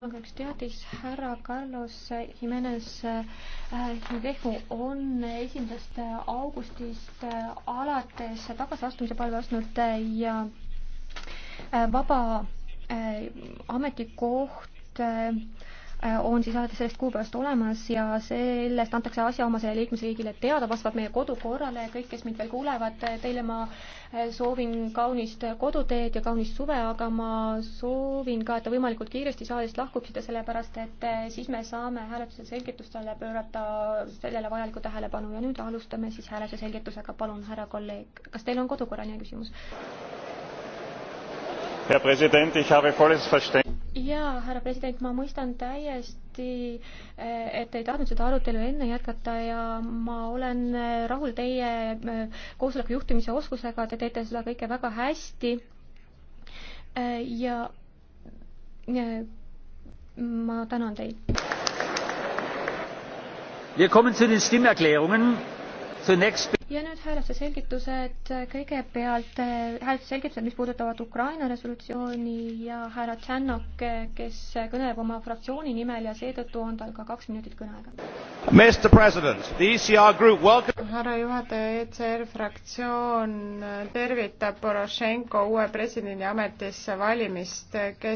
mul on üks teadis, härra Carlos Jimenez Tehu äh, on esimesest äh, augustist äh, alates tagasiastumise palve ostnud ja vaba ametikoht Äh, on siis alates sellest kuupäevast olemas ja sellest antakse asjaomasele liikmesriigile teada vastavalt meie kodukorrale ja kõik, kes mind veel kuulevad, teile ma äh, soovin kaunist koduteed ja kaunist suve, aga ma soovin ka, et te võimalikult kiiresti saalist lahkuksite, sellepärast et äh, siis me saame hääletuse selgitustele pöörata sellele vajalikku tähelepanu ja nüüd alustame siis hääletuse selgitusega, palun, härra kolleeg, kas teil on kodukorraline küsimus? Herr Präsident, ich habe volles Verständnis jaa, härra president, ma mõistan täiesti, eh, et te ei tahtnud seda arutelu enne jätkata ja ma olen eh, rahul teie eh, koosoleku juhtimise oskusega, te teete seda kõike väga hästi. ja ma tänan teid. Wir kommen zu den Stimmerklärungen ja nüüd hääletuse selgitused, kõigepealt eh, hääletuse selgitused, mis puudutavad Ukraina resolutsiooni ja härra Tšännok, eh, kes kõneleb oma fraktsiooni nimel ja seetõttu on tal ka kaks minutit kõneaega. E härra juhataja, ECR fraktsioon tervitab Porošenko uue presidendi ametisse valimist, kes